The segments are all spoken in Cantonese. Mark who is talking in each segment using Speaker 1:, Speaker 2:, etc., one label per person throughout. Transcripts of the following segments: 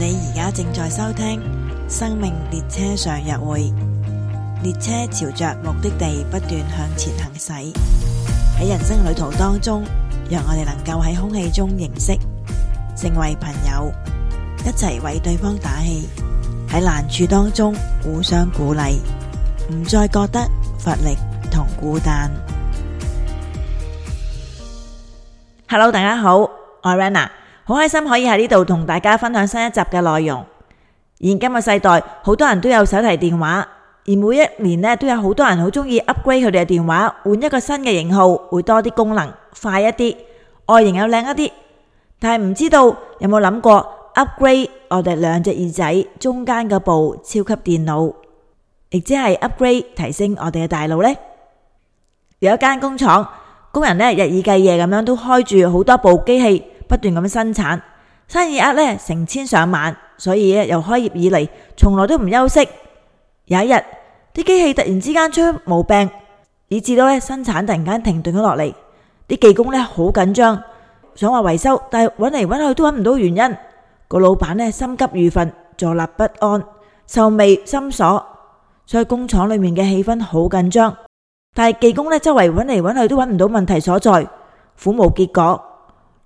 Speaker 1: 你而家正在收聽生命列車上入會，列車朝着目的地不斷向前行駛。喺人生旅途當中，讓我哋能夠喺空氣中認識，成為朋友，一齊為對方打氣。喺難處當中互相鼓勵，唔再覺得乏力同孤單。Hello，大家好，我係 Rana。好開心可以喺呢度同大家分享新一集嘅內容。現今嘅世代，好多人都有手提電話，而每一年呢都有好多人好中意 upgrade 佢哋嘅電話，換一個新嘅型號，會多啲功能，快一啲，外形又靚一啲。但係唔知道有冇諗過 upgrade 我哋兩隻耳仔中間嗰部超級電腦，亦即係 upgrade 提升我哋嘅大腦呢？有一間工廠，工人呢日以繼夜咁樣都開住好多部機器。不斷咁生產，生意額呢成千上萬，所以呢由開業以嚟從來都唔休息。有一日，啲機器突然之間出毛病，以至到呢生產突然間停頓咗落嚟，啲技工呢好緊張，想話維修，但係搵嚟搵去都搵唔到原因。個老闆呢心急如焚，坐立不安，愁眉深鎖，所以工廠裏面嘅氣氛好緊張。但係技工呢周圍搵嚟搵去都搵唔到問題所在，苦無結果。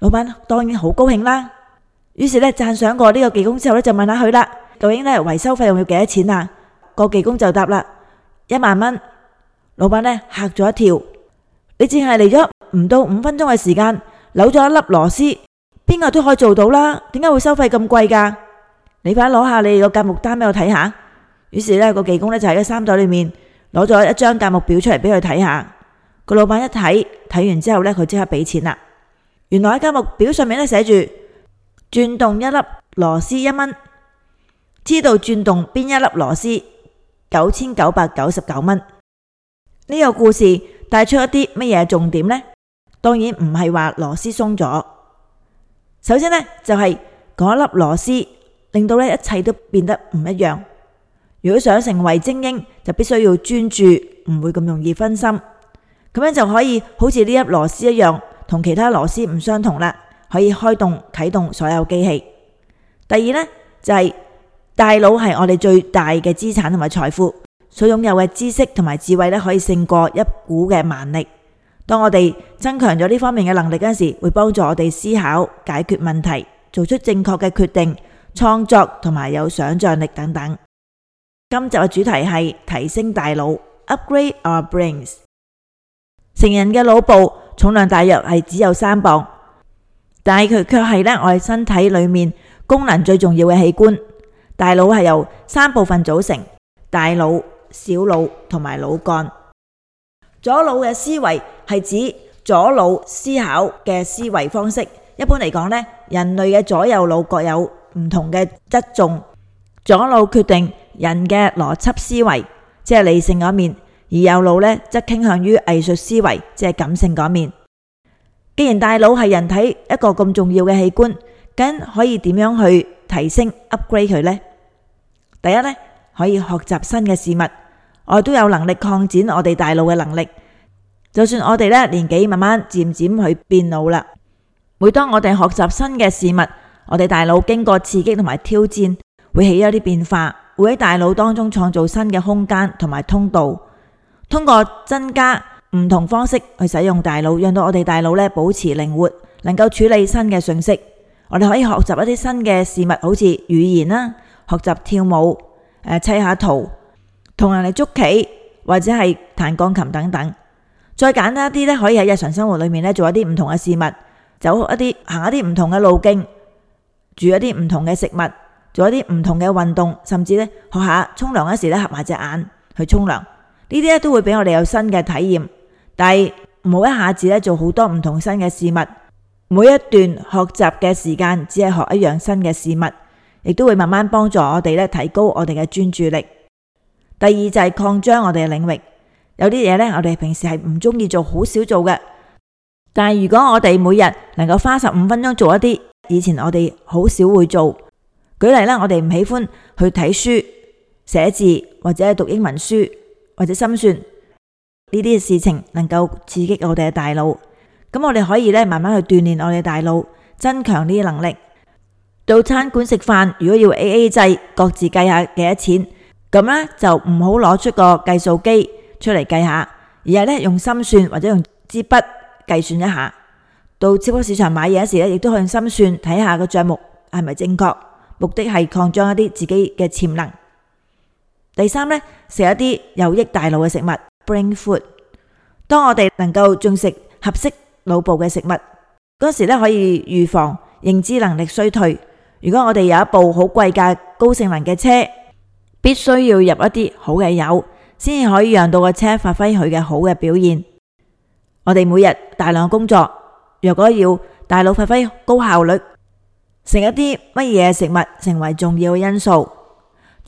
Speaker 1: 老闆，當然好高興啦，於是呢讚賞過呢個技工之後呢就問下佢啦：究竟呢維修費用要幾多錢啊？個技工就答啦：一萬蚊。老闆呢吓咗一跳，你淨係嚟咗唔到五分鐘嘅時間，扭咗一粒螺絲，邊個都可以做到啦，點解會收費咁貴噶？你快攞下你個價目單俾我睇下。於是呢個技工呢，就喺個衫袋裏面攞咗一張價目表出嚟，俾佢睇下。個老闆一睇，睇完之後呢，佢即刻俾錢啦。原來喺價目表上面呢寫住，轉動一粒螺絲一蚊，知道轉動邊一粒螺絲九千九百九十九蚊。呢、這個故事帶出一啲乜嘢重點呢？當然唔係話螺絲鬆咗。首先呢，就係嗰一粒螺絲令到一切都變得唔一樣。如果想成為精英，就必須要專注，唔會咁容易分心，咁樣就可以好似呢粒螺絲一樣。同其他螺絲唔相同啦，可以開動啟動所有機器。第二呢，就係、是、大腦係我哋最大嘅資產同埋財富，所擁有嘅知識同埋智慧呢，可以勝過一股嘅蠻力。當我哋增強咗呢方面嘅能力嗰陣時候，會幫助我哋思考、解決問題、做出正確嘅決定、創作同埋有想象力等等。今集嘅主題係提升大腦，upgrade our brains。成人嘅腦部。重量大約係只有三磅，但係佢卻係咧我哋身體裏面功能最重要嘅器官。大腦係由三部分組成：大腦、小腦同埋腦幹。左腦嘅思維係指左腦思考嘅思維方式。一般嚟講呢，人類嘅左右腦各有唔同嘅側重。左腦決定人嘅邏輯思維，即係理性嗰一面。而右腦呢，則傾向於藝術思維，即係感性嗰面。既然大腦係人體一個咁重要嘅器官，咁可以點樣去提升 upgrade 佢呢？第一呢，可以學習新嘅事物，我都有能力擴展我哋大腦嘅能力。就算我哋呢年紀慢慢漸漸去變老啦，每當我哋學習新嘅事物，我哋大腦經過刺激同埋挑戰，會起一啲變化，會喺大腦當中創造新嘅空間同埋通道。通過增加唔同方式去使用大腦，讓到我哋大腦呢保持靈活，能夠處理新嘅信息。我哋可以學習一啲新嘅事物，好似語言啦，學習跳舞，誒，砌下圖，同人哋捉棋，或者係彈鋼琴等等。再簡單啲呢，可以喺日常生活裏面呢做一啲唔同嘅事物，走一啲行一啲唔同嘅路徑，煮一啲唔同嘅食物，做一啲唔同嘅運動，甚至呢學下沖涼嗰時呢合埋隻眼去沖涼。呢啲咧都會俾我哋有新嘅體驗，但係唔好一下子咧做好多唔同新嘅事物。每一段學習嘅時間，只係學一樣新嘅事物，亦都會慢慢幫助我哋咧提高我哋嘅專注力。第二就係擴張我哋嘅領域，有啲嘢呢，我哋平時係唔中意做，好少做嘅。但如果我哋每日能夠花十五分鐘做一啲以前我哋好少會做，舉例呢，我哋唔喜歡去睇書、寫字或者讀英文書。或者心算呢啲事情，能夠刺激我哋嘅大腦。咁我哋可以慢慢去鍛煉我哋嘅大腦，增強呢啲能力。到餐館食飯，如果要 AA 制，各自計下幾多錢，咁呢就唔好攞出個計數機出嚟計下，而係用心算或者用支筆計算一下。到超級市場買嘢嗰時咧，亦都可以用心算睇下個帳目係咪正確。目的係擴張一啲自己嘅潛能。第三咧，食一啲有益大腦嘅食物 b r i n g food）。當我哋能夠進食合適腦部嘅食物，嗰時可以預防認知能力衰退。如果我哋有一部好貴價高性能嘅車，必須要入一啲好嘅油，先至可以讓到個車發揮佢嘅好嘅表現。我哋每日大量工作，若果要大腦發揮高效率，食一啲乜嘢食物成為重要嘅因素。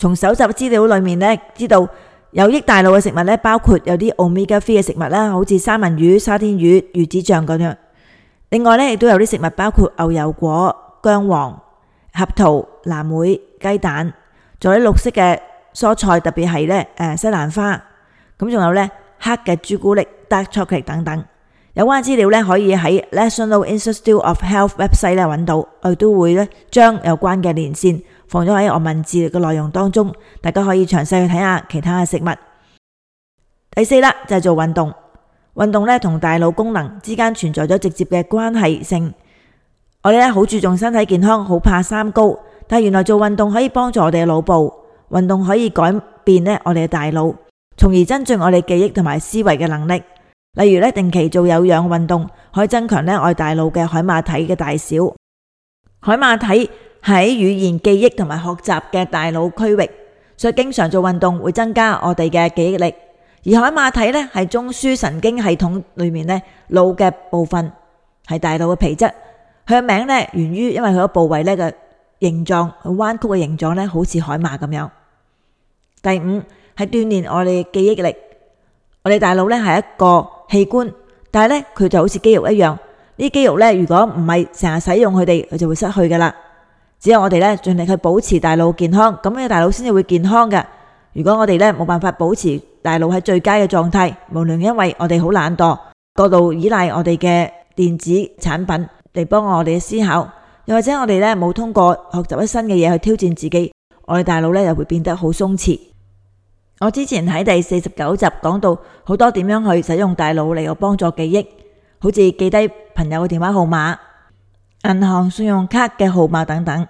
Speaker 1: 從搜集資料裏面呢，知道有益大腦嘅食物呢，包括有啲 omega three 嘅食物啦，好似三文魚、沙甸魚、魚子醬咁樣。另外呢，亦都有啲食物包括牛油果、薑黃、核桃、藍莓、雞蛋，仲有啲綠色嘅蔬菜，特別係誒西蘭花。咁仲有呢，黑嘅朱古力 dark chocolate 等等。有關資料呢，可以喺 National Institute of Health website 揾到，我哋都會呢，將有關嘅連線。放咗喺我文字嘅內容當中，大家可以詳細去睇下其他嘅食物。第四啦，就係做運動。運動呢同大腦功能之間存在咗直接嘅關係性。我哋呢好注重身體健康，好怕三高，但原來做運動可以幫助我哋嘅腦部，運動可以改變呢我哋嘅大腦，從而增進我哋記憶同埋思維嘅能力。例如呢，定期做有氧運動，可以增強呢我哋大腦嘅海馬體嘅大小。海馬體。喺語言記憶同埋學習嘅大腦區域，所以經常做運動會增加我哋嘅記憶力。而海馬體呢，係中樞神經系統裏面呢腦嘅部分，係大腦嘅皮質。佢嘅名呢，源於因為佢個部位呢個形狀，彎曲嘅形狀呢，好似海馬咁樣。第五係鍛鍊我哋記憶力。我哋大腦呢，係一個器官，但係呢，佢就好似肌肉一樣，呢肌肉呢，如果唔係成日使用佢哋，佢就會失去噶啦。只有我哋咧盡力去保持大腦健康，咁樣大腦先至會健康嘅。如果我哋咧冇辦法保持大腦喺最佳嘅狀態，無論因為我哋好懶惰、過度依賴我哋嘅電子產品嚟幫我哋思考，又或者我哋咧冇通過學習一新嘅嘢去挑戰自己，我哋大腦咧又會變得好鬆弛。我之前喺第四十九集講到好多點樣去使用大腦嚟幫助記憶，好似記低朋友嘅電話號碼。銀行信用卡嘅號碼等等。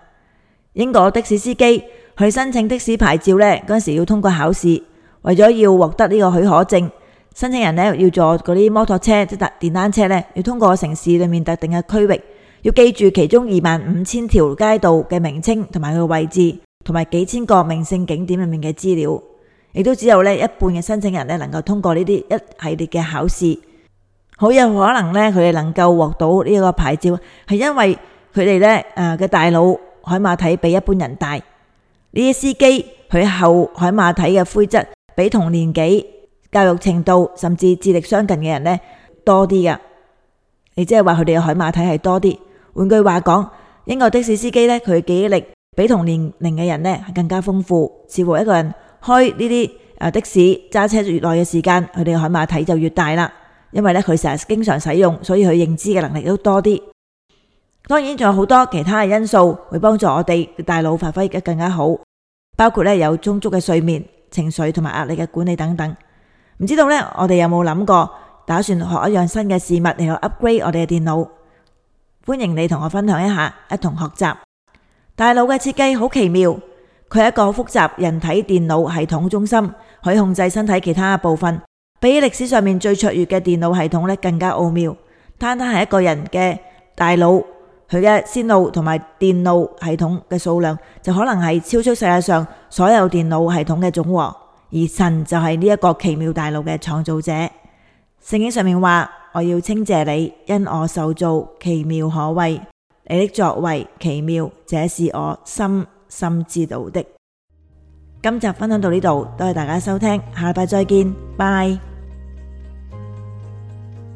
Speaker 1: 英國的士司機去申請的士牌照呢，嗰時要通過考試，為咗要獲得呢個許可證，申請人呢要坐嗰啲摩托車即特電單車呢，要通過城市裏面特定嘅區域，要記住其中二萬五千條街道嘅名稱同埋佢位置，同埋幾千個名勝景點裏面嘅資料，亦都只有呢一半嘅申請人呢，能夠通過呢啲一系列嘅考試。好有可能呢，佢哋能夠獲到呢個牌照，係因為佢哋呢誒嘅大腦海馬體比一般人大。呢啲司機佢後海馬體嘅灰質比同年紀、教育程度甚至智力相近嘅人呢多啲㗎。你即係話佢哋嘅海馬體係多啲。換句話講，英國的士司機呢，佢嘅記憶力比同年齡嘅人呢更加豐富。似乎一個人開呢啲誒的士揸車越耐嘅時間，佢哋嘅海馬體就越大啦。因為咧，佢成日經常使用，所以佢認知嘅能力都多啲。當然仲有好多其他嘅因素會幫助我哋大腦發揮得更加好，包括咧，有充足嘅睡眠、情緒同埋壓力嘅管理等等。唔知道呢，我哋有冇諗過打算學一樣新嘅事物嚟，去 upgrade 我哋嘅電腦？歡迎你同我分享一下，一同學習。大腦嘅設計好奇妙，佢係一個複雜人體電腦系統中心，可以控制身體其他嘅部分。比歷史上面最卓越嘅電，電腦系統呢，更加奧妙。單單係一個人嘅大腦，佢嘅線路同埋電腦系統嘅數量就可能係超出世界上所有電腦系統嘅總和。而神就係呢一個奇妙大腦嘅創造者。聖經上面話：我要稱謝你，因我受造奇妙可畏，你的作為奇妙，這是我深深知道的。今集分享到呢度，多謝大家收聽，下禮拜再見，拜。